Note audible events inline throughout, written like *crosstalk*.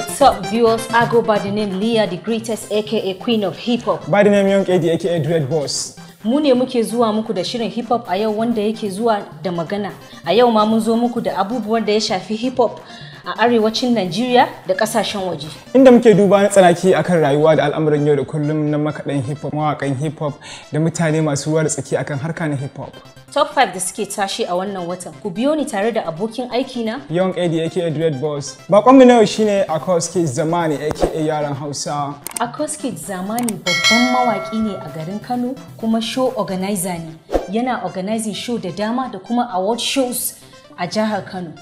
What's up, viewers? I go by the name Leah, the greatest, aka Queen of Hip Hop. By the name Young Eddie, aka Dread Boss. Mu ne muke zuwa muku da shirin hip hop a yau wanda yake zuwa da magana. A yau ma mun zo muku da abubuwan da ya shafi hip hop. a arewacin Najeriya da kasashen waje. Inda muke duba na tsanaki akan rayuwa da al'amuran yau da kullum na makaɗan hip hop mawakan hip hop da mutane masu ruwa da tsaki akan harka na hip hop. Top 5 da suke tashi a wannan watan. Ku biyo ni tare da abokin aiki na Young Eddie aka Dread Boss. Bakon mu na yau shine Akos Kids Zamani aka yaran Hausa. Akos Kids Zamani babban mawaƙi ne a garin Kano kuma show organizer ne. Yana organizing show da dama da kuma award shows a jihar Kano.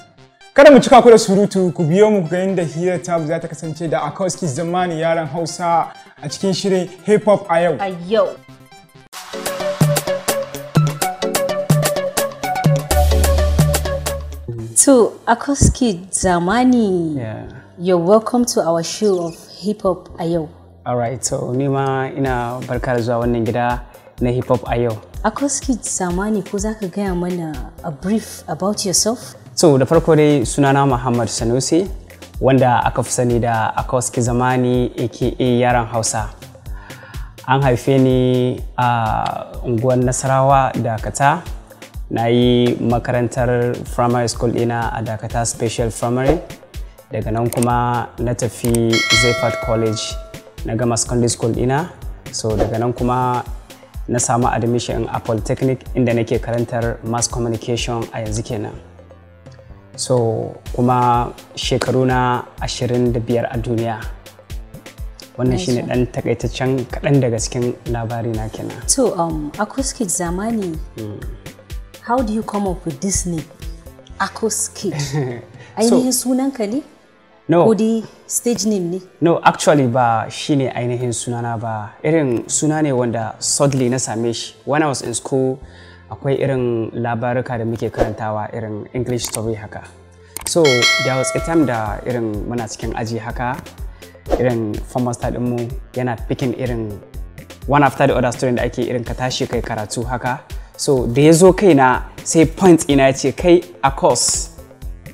Kada mu cika ku da surutu ku biyo mu ga inda hira ta za ta kasance da Akoski zamani yaran Hausa a cikin shirin Hip Hop a yau. A To Akoski zamani. You're welcome to our show of Hip Hop a yau. Alright, so nima ina barka da zuwa wannan gida na Hip Hop a yau. Akoski zamani ko za ka gaya mana a brief about yourself? so da farko dai sunana muhammad sanusi wanda aka fi sani da akoski zamani aka yaran hausa an haife ni a unguwar nasarawa dakata na yi makarantar primary school ina a dakata special primary daga nan kuma na tafi zefat college na gama secondary school ina. so daga nan kuma na samu admission a polytechnic inda nake karantar mass communication a yanzu kenan so kuma shekaru na 25 a duniya wannan shine dan takaitaccen kaɗan daga cikin labari na kenan so um, acoustic zamani hmm. how do you come up with this name acoustic *laughs* ainihin so, ka ne no ko dai stage name ne no actually ba shine ainihin sunana ba irin suna ne wanda suddenly na same shi when i was in school akwai irin labaruka da muke karantawa irin english story haka so there was a time da irin muna cikin aji haka irin former star dinmu yana picking irin one after the other student da ake irin ka tashi kai karatu haka so da ya zo kaina sai point ina ya ce kai a course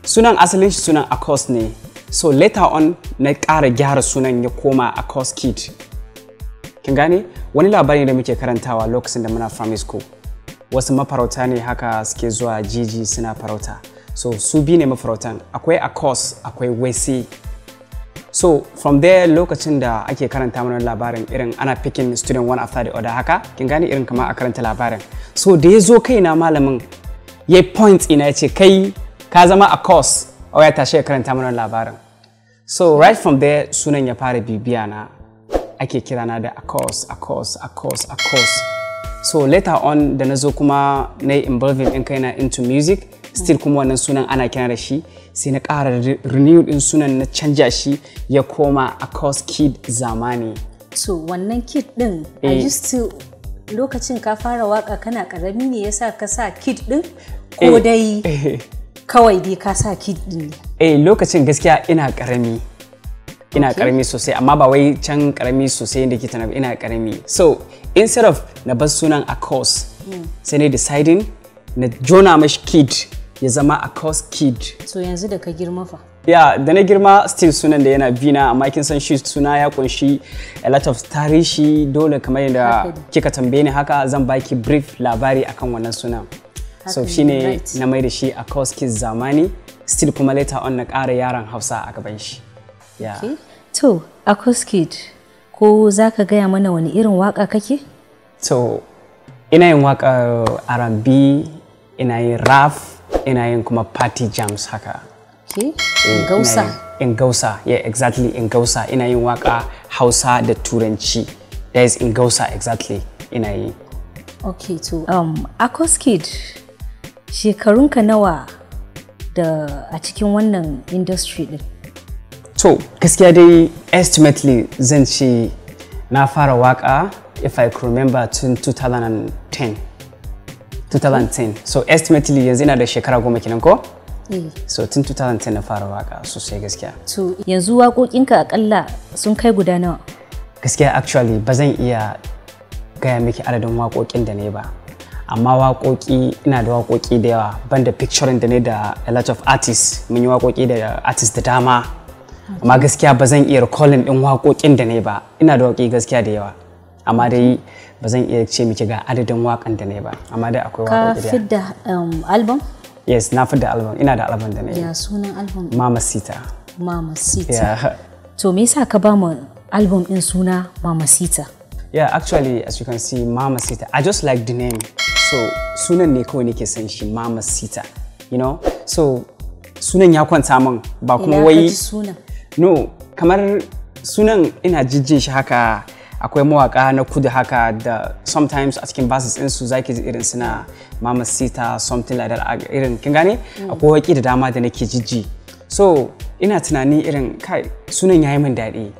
sunan asalin shi sunan a course ne so later on na ƙara gyara sunan ya koma a course kid kin gane wani labari da muke karantawa lokacin da muna primary school wasu mafarauta ne haka suke zuwa jiji suna farauta so su bi ne mafarautan akwai a akos akwai wesi so from there lokacin da ake karanta mana labarin irin ana picking student one after the other haka kin gane irin kama a karanta labarin so da ya zo kaina malamin ya point ina ya ce kai ka zama a course a ya tashi ya karanta mana labarin so right from there sunan ya fara bibiya na ake kira na da a course a course a course a course so later on da na zo kuma na yi involving in kaina into music still kuma wannan sunan ana kira da shi sai na ƙara renew din sunan na canja shi ya koma a kid zamani so wannan kid din i used to lokacin ka fara waka kana karami ne yasa ka sa kid din ko eh. dai eh. kawai dai ka sa kid din eh lokacin gaskiya ina karami ina karami sosai amma ba wai can karami sosai da ke tana ina karami so instead of na bar sunan a course hmm. sai na deciding na jona mashi kid ya zama a cost kid so yanzu da ka girma fa ya da na girma still sunan da yana bina amma kin san shi suna ya kunshi a lot of tarihi dole kamar yadda kika tambaye ni haka zan baki brief labari akan wannan suna so shine na mai da shi a cost kid zamani still kuma later on na kara yaran hausa a gaban shi Ya. to a kid ko za ka gaya mana wani irin waka kake to ina yin waka R&B ina yin raf. ina yin kuma party jams haka eh, in gausa in gausa yeah exactly in gausa ina yin waka hausa da turanci that is in gausa exactly ina yi okay to um akoskid shekarunka nawa da a cikin wannan industry din to gaskiya dai estimately zan ce na fara waka if i could remember tun 2010 2010 so estimately yanzu ina da shekara goma kenan ko eh. so tun 2010 na fara waka sosai gaskiya to yanzu waƙoƙinka akalla sun kai guda nawa gaskiya actually ba zan iya gaya miki adadin waƙoƙin da ne ba amma waƙoƙi ina da waƙoƙi da yawa banda picturing da ne da a lot of artists mun yi waƙoƙi da artists da dama amma gaskiya ba zan iya recalling din waƙoƙin da ne ba ina da waƙoƙi gaskiya da yawa amma dai ba zan iya ce miki ga adadin wakan da ne ba amma dai akwai waƙoƙi da ka fidda um, album yes na fidda album ina da album da ne ya sunan album mama sita mama sita to me yasa ka ba mu album din suna mama sita yeah actually as you can see mama sita i just like the name so sunan ne kawai nake san shi mama sita you know so sunan ya kwanta min ba kuma wai no kamar sunan ina jijjin shi haka akwai mawaka na kudu haka da sometimes a cikin basis su zaki ji irin suna mama sita something like that irin kin gane mm. akwai waki da dama da nake jijji so ina tunanin irin kai sunan yayi min daɗi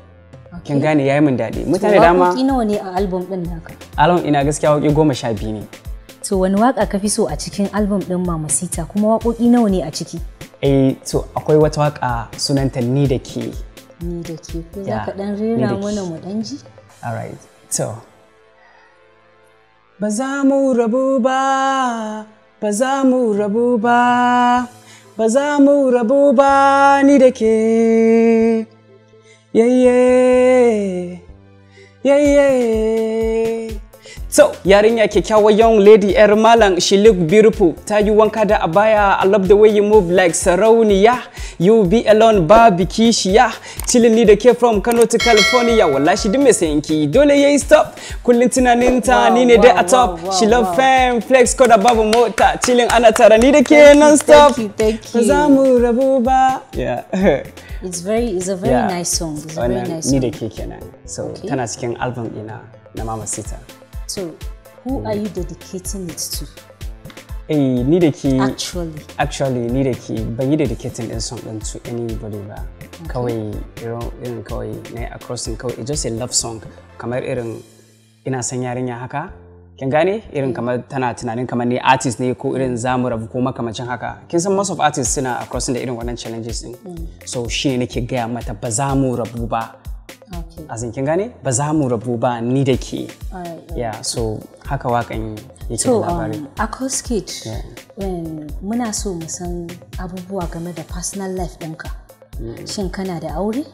kin gane yayi min daɗi mutane dama waƙoƙi nawa ne a album ɗin naka album ina gaskiya waki goma sha biyu ne to wani waƙa ka fi so a cikin album ɗin mama sita kuma waƙoƙi nawa ne a ciki eh to akwai wata waƙa sunanta ni da ke ni da ke ko za ka ɗan rera mana mu ɗan ji? Alright, so. Ba za mu rabu ba, ba za mu rabu ba, ba za mu rabu ba ni da ke. Yayye, yayye. So, yarinya kyakkyawar young lady er malam she look beautiful. Ta yi wanka da abaya, I love the way you move like sarauniya. You be alone barbecue shi ya. Chilling ni da ke from Kano to California. Wallahi duk me sayin ki dole yayi stop. Kullun tunanin ta ni ne dai a top. She love fame, flex ko da babu mota. Chilling ana tara ni da ke non stop. Ba za mu rabu ba. Yeah. *laughs* it's very it's a very yeah. nice song. It's a very nice song. Ni da ke kenan. So, tana cikin album ina na Mama Sita. So, who are you dedicating it to? Eh, hey, ni da ke... Actually. Actually, ni da ke ban yi dedicating ɗin song ɗin to anybody ba. Kawai irin kawai na a crossing kawai it's just a love song kamar irin ina son yarinya haka kin gane irin mm. kamar tana tunanin kamar ne artist ne ko irin zamu rabu ko makamacin haka kin san most of artists suna across da irin wannan challenges din mm. so shi ne nake gaya mata ba za mu rabu ba a kin gane ba za mu rabu ba ni da ke ya so haka wakan yake da um, labari acoustic um, muna so mu san abubuwa game da personal life ɗinka mm. shin kana da aure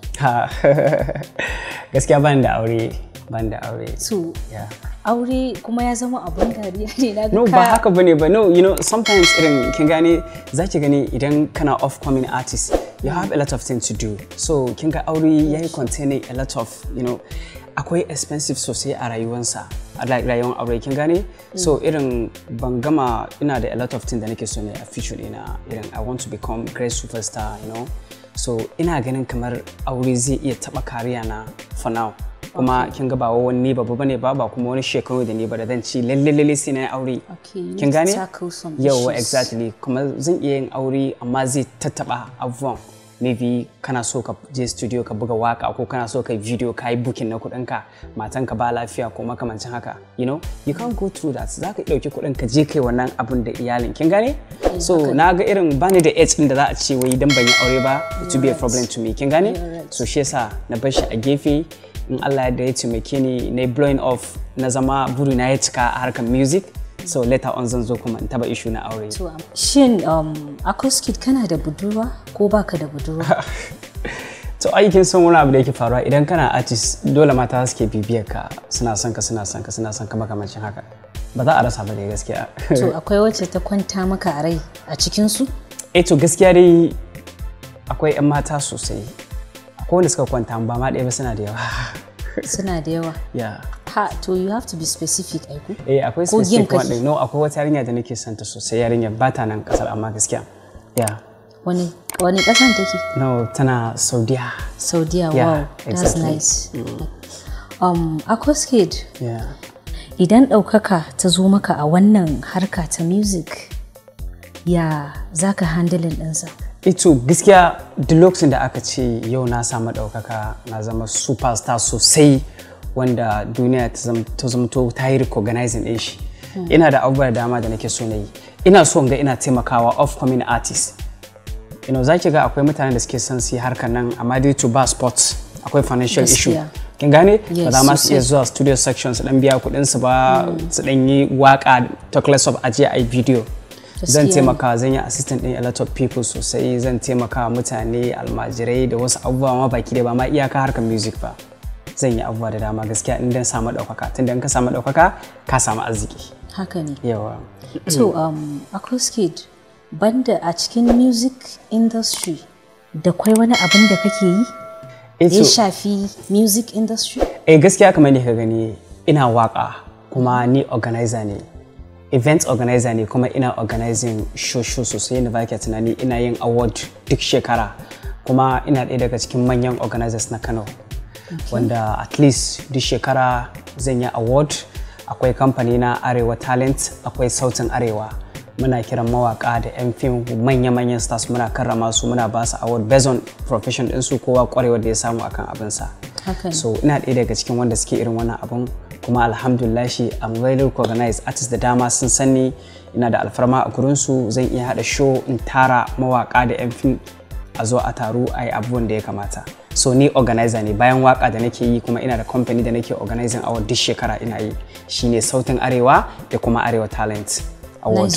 *laughs* gaskiya ban da aure ban da aure so yeah. aure kuma ya zama abun dariya ne na no ba haka bane ba no you know sometimes irin kin gane zaki gane idan kana off coming artist you have a lot of things to do so kin ga aure yayi containing a lot of you know akwai expensive sosai a rayuwansa a rayuwar aure kin gane so mm. irin ban gama ina da a lot of things da nake so ne a future ina irin i want to become great superstar you know so ina ganin kamar aure zai iya taba kariya na for now kuma kin ga ba wani ne babba bane ba ba kuma wani shekaru da ne ba da zan ci lalle lalle sai na aure kin gane yawa exactly kuma zan iya yin aure amma zai tattaba abubuwan maybe kana so ka je studio ka buga waka ko kana so ka video ka yi booking na kudin ka matan ka ba lafiya ko makamancin haka you know you can't go through that za ka dauki kudin ka je kai wannan abun da iyalin kin gane eh, so na ga irin bani da age din da za a ce wai dan ban yi aure ba to be a problem to me kin gane so shi yasa na bar shi a gefe in Allah ya ya taimake ni na blowing off na zama buru na ya cika a harkar music so later on zan zo kuma in taba issue na aure um, shin um, acoustic kana da budurwa ko baka da budurwa *laughs* to aikin son wani abu da yake faruwa idan kana artist dole mata suke bibiyar ka suna son ka suna son ka suna son ka makamancin haka ba za a rasa ba da gaskiya *laughs* to akwai wacce ta kwanta maka a rai a cikin su eh to gaskiya dai akwai 'yan mata sosai ko wanda suka kwanta ba ma ɗaya ba suna da yawa suna da yawa ya ha to you have to be specific aiku eh akwai specific one no akwai wata yarinya da nake santa sosai yarinya ba ta nan kasar amma gaskiya ya wani wani kasan take no tana saudiya saudiya wow that's nice mm. um aquascape ya idan ɗaukaka ta zo maka a wannan harka ta music ya zaka handling ɗinsa ito eh, gaskiya deluxe da aka ce yau na samu daukaka na zama superstar sosai wanda duniya ta zamto ta yi recognizing din shi hmm. ina da abubuwa da dama da nake so na yi ina so ga ina taimakawa of coming artist ino za ga akwai mutanen da suke son su yi harkar nan amma dai to ba sports akwai financial issue kin gane ba za ma su iya zuwa studio sections dan biya kuɗin hmm. su ba su dan yi waka talkless of a video zan taimaka zan yi assistant din a lot of people sosai zan taimaka mutane almajirai da wasu abubuwa ma baki da ba ma iyaka harkar music ba zan yi abubuwa da dama gaskiya in dan samu ɗaukaka tun in ka samu ɗaukaka ka samu arziki haka ne yawa so um, acoustic banda a cikin music industry da kwai wani abin da kake yi eh, ya shafi music industry eh gaskiya kamar ne ka gani ina waka kuma ni organizer ne event organizer ne kuma ina organizing show-show sosai na ba tunani ina yin award duk shekara kuma ina ɗaya daga cikin manyan organizers na kano wanda at least duk shekara zan yi award akwai kamfani na arewa talent akwai sautin arewa muna kiran mawaka da 'yan fim manya-manyan stars muna karrama su muna ba su award based on profession ɗinsu kowa kwarewa da ya samu akan abinsa so ina ɗaya daga cikin wanda suke irin wannan abin kuma alhamdulahi I'm very recognized artists da dama sun sani ina da alfarma a gurinsu zan iya haɗa show in tara mawaƙa da 'yan fim a zo a taru a yi abubuwan da ya kamata so ni organizer ne bayan waka da nake yi kuma ina da company da nake organizing award duk shekara ina yi shine sautin arewa da kuma arewa talent award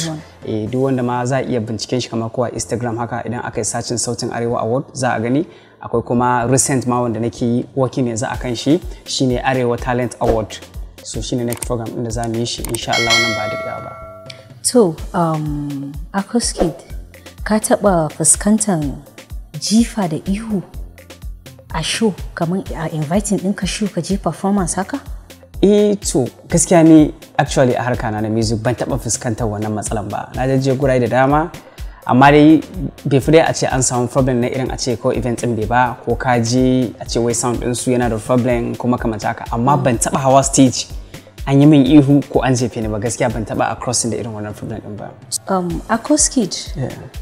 eh duk wanda ma za a iya binciken shi kamar kowa instagram haka idan aka yi sacin sautin arewa award za a gani akwai kuma recent ma wanda nake yi working yanzu akan shi shine arewa talent award so shi ne next program ɗin da za mu yi shi insha Allah wannan ba da ba to um acoskid ka taɓa fuskantar jifa da ihu a show kamar a inviting ɗinka show ka je performance haka eh to gaskiya ni actually a harka na na music ban taɓa fuskantar wannan matsalan ba na je gurai da dama amma dai bai fi dai a ce an samu problem na irin a ce ko event din bai ba ko ka je a ce wai sound din su yana da problem kuma kamar haka amma ban taba hawa stage an yi min ihu ko an jefe ni ba gaskiya ban taba a crossing da irin wannan problem din ba um acoskid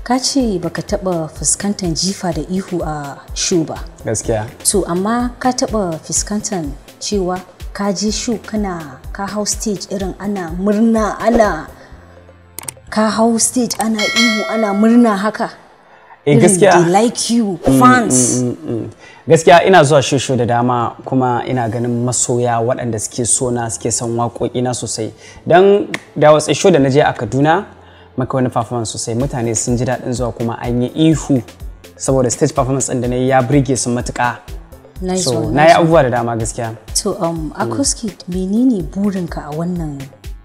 ka ce baka taba fuskantar jifa da ihu a shu ba gaskiya to amma ka taba fuskantar cewa ka je shu kana ka hau stage irin ana murna ana ka hau stage ana ihu ana murna haka eh gaskiya they like you mm, mm, fans mm, gaskiya ina zuwa shosho da dama kuma ina ganin masoya waɗanda suke so na suke son waƙoƙi na sosai dan da wasu show da na je a Kaduna maka wani performance sosai mutane sun ji daɗin zuwa kuma an yi ihu saboda stage performance ɗin da na yi ya brige su matuka. so na yi abubuwa da dama gaskiya to um menene burinka a wannan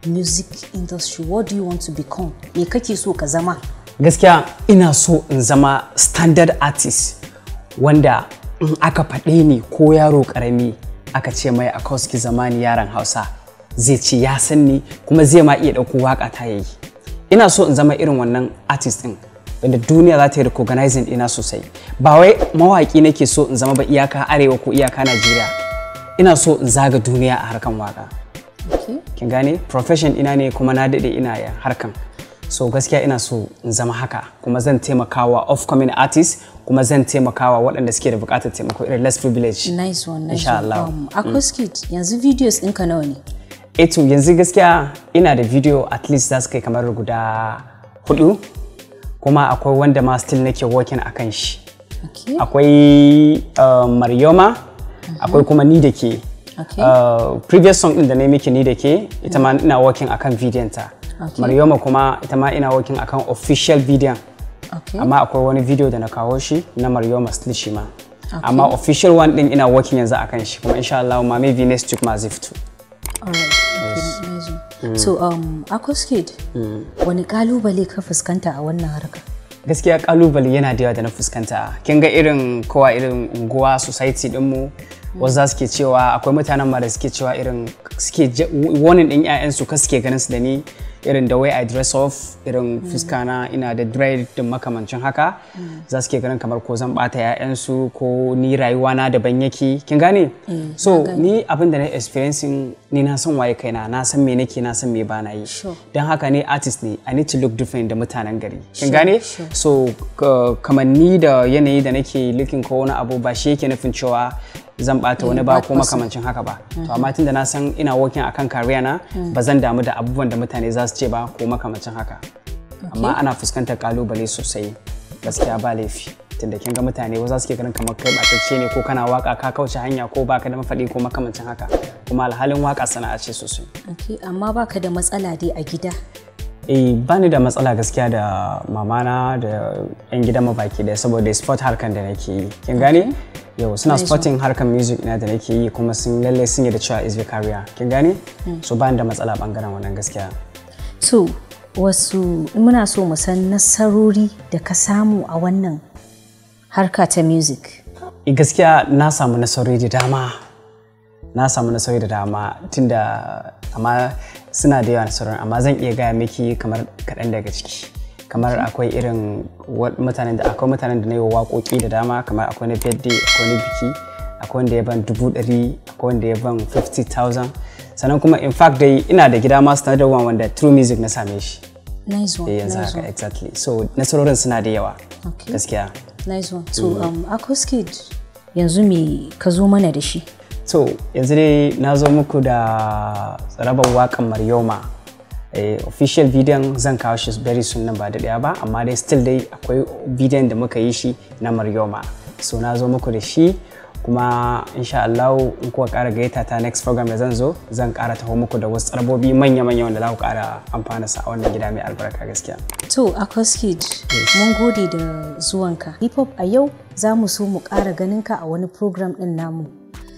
music industry what do you want to become me kake so ka zama gaskiya ina so in zama standard artist wanda in aka faɗe ni ko yaro ƙarami aka ce mai a koski zamani yaron hausa zai ce ya san ni kuma zai ma iya ɗauko waka ta yayi ina so in zama irin wannan artist ɗin wanda duniya za ta yi recognizing ɗina sosai ba wai mawaƙi nake so in zama ba iyaka arewa ko iyaka najeriya ina so in zaga duniya a harkan waƙa kin gane profession ina ne kuma na daɗe ina harkan so gaskiya ina so in zama haka kuma zan taimakawa coming artist kuma zan taimakawa waɗanda suke da buƙatar taimako irin less privilege nice one nice um, mm. yanzu videos ɗinka nawa ne eto eh yanzu gaskiya ina da video at least za su kai kamar guda hudu kuma akwai wanda ma still nake working a kan shi akwai eh, maryoma mhm. akwai kuma ni da ke Uh, previous song din da na miki ni da ke ita ma ina working akan bidiyon ta maryama kuma ita ma ina working akan official video amma akwai wani video da na kawo shi na maryama still shi ma amma official one din ina working yanzu akan shi kuma insha Allah ma maybe next week ma zai fito mm. so um akoskid mm. wani kalubale ka fuskanta a wannan harka. gaskiya kalubale yana da yawa da na fuskanta kin ga irin kowa irin unguwa society mu. wasu za cewa akwai mutanen ma da suke cewa irin suke warning din su ka suke ganin su da ni irin da way I dress off irin mm. fuska na ina da dread da makamancin haka mm. za su ke ganin kamar ko zan bata su ko ni rayuwa na daban yake kin gane eh, so ni abin da na experiencing ni na san waye kaina na san me nake na san me ba na yi don haka ne artist ne I need to look different da mutanen gari kin gane so kamar ni da yanayi da nake looking ko wani abu ba shi yake nufin cewa zan bata wani ba ko makamancin haka ba to amma tunda na san ina working akan career na hmm. ba zan damu da abubuwan da mutane za su ce ba ko makamancin haka amma ana fuskantar kalubale sosai gaskiya ba laifi tunda kin ga mutane wasu za su ke ganin kamar kai batacce ne ko kana waka ka kauce hanya ko baka da mafaɗi ko makamancin haka kuma alhalin waka sana'a ce sosai amma baka da matsala dai a gida eh ba ni da matsala gaskiya da mamana da yan gidan mu baki da saboda sport harkan da nake yi kin gane yau suna sporting harkan music ina da nake yi kuma sun lalle sun yi da cewa is career kin gane mm. so ba ni da matsala bangaren wannan gaskiya so wasu muna so mu san nasarori da ka samu a wannan harka ta music eh, gaskiya na samu nasarori da dama na samu nasarori da dama tunda amma suna da yawa nasarorin amma zan iya gaya miki kamar kaɗan daga ciki kamar akwai irin mutanen da akwai mutanen da na yi wa waƙoƙi da dama kamar akwai na birthday akwai na biki akwai wanda ya ban dubu ɗari akwai wanda ya ban thousand sannan kuma in fact dai ina da gida masu sanarwa wanda true music na same shi nice one eh, yanzu haka exactly so nasarorin suna da yawa gaskiya nice one so mm. um, skid yanzu me ka zo mana da shi so yanzu dai na zo muku da tsarabar wakan maryoma eh, official bidiyon zan kawo shi very soon nan ba da ɗaya ba amma dai still dai akwai bidiyon da muka yi shi na maryoma so na zo muku da shi kuma insha Allah in kuka ƙara gayyata ta next program da zan zo zan kara taho muku da wasu tsarbobi manya-manya wanda za ku ƙara amfana sa a wannan gida mai albarka gaskiya. To a mun gode da zuwanka. Hip hop a yau za mu so mu ƙara ganinka a wani program ɗin namu.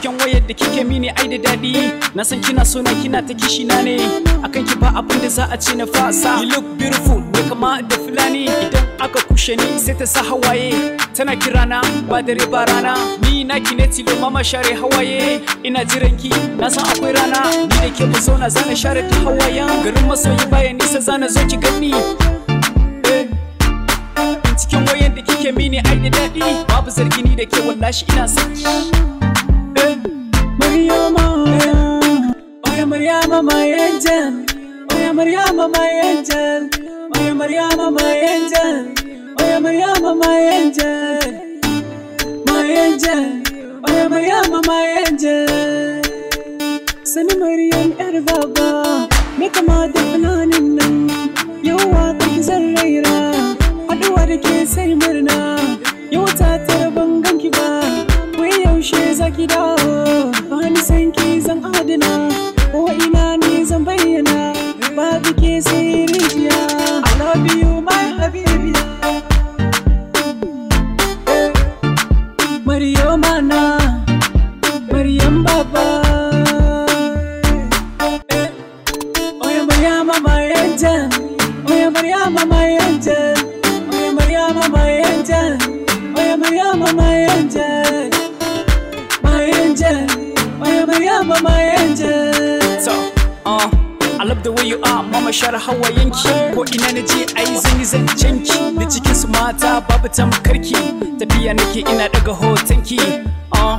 cikin wayar da kike mini ai da daɗi na san kina so na kina ta kishi na ne akan ki ba abin da za a ce na fasa you look beautiful kama da fulani idan aka kushe ni sai ta sa hawaye tana kirana ba dare ba rana ni naki ne tilo mama share hawaye ina jiran ki na san akwai rana ni da ke so zauna zana share ta hawaye garin masoyi bayan nisa zana zo ki gani eh, cikin wayan da kike mini ai da daɗi babu ni da ke wallashi ina son Maryama Oya Maryama my angel Oya Maryama my angel Oya Maryama my angel Oya Maryama my angel My angel Oya Maryama my angel Sani Maryam yar baba me kama da fulanin nan yau waka ki zan raira haɗuwa da ke sai murna yau ta tara ban ganki ba wai yaushe zaki dawo yeah, ma angel. So, uh, I love the way you are, mama Ko ina na je a yi zanyi zancenki Da cikin su mata babu tamkarki Tafiya nake ina daga hotonki uh.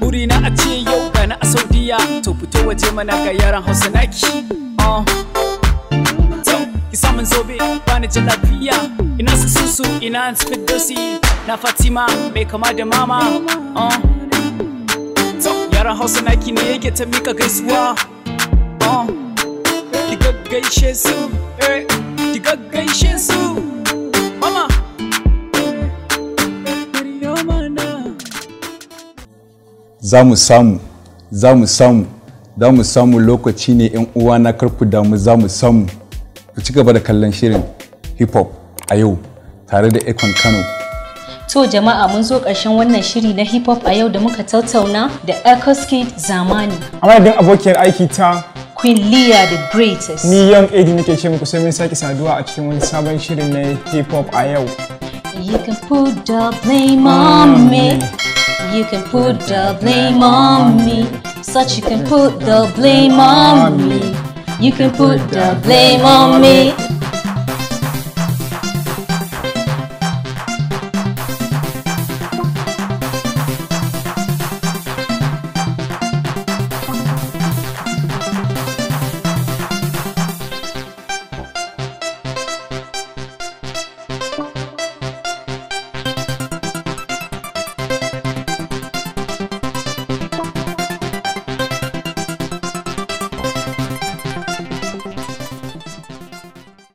Burina a ce yau gana a Saudiya To fito waje mana ga yaran Hausa naki uh. ki samun zobe ni jin lafiya ina su ina su na fatima mai kama da mama uh, yaran hausa naki ne yake ta mika gaisuwa ah, ki gaggaishe su eh, ki gaggaishe su mama za mu samu za mu samu za mu samu lokaci ne yan uwa na karku damu za mu samu ku ci gaba da kallon shirin hip hop a yau tare da Ekon Kano To jama'a mun zo ƙarshen wannan shiri na hip hop a yau da muka tattauna da Ecoskid Zamani. A madadin abokiyar aiki ta Queen Leah the Greatest. Ni Young AD nake ce muku sai mun sake saduwa a cikin wani sabon shirin na hip hop a yau. You can put the blame on me. You can put the blame on me. Such you can put the blame on me. You can put the blame on me.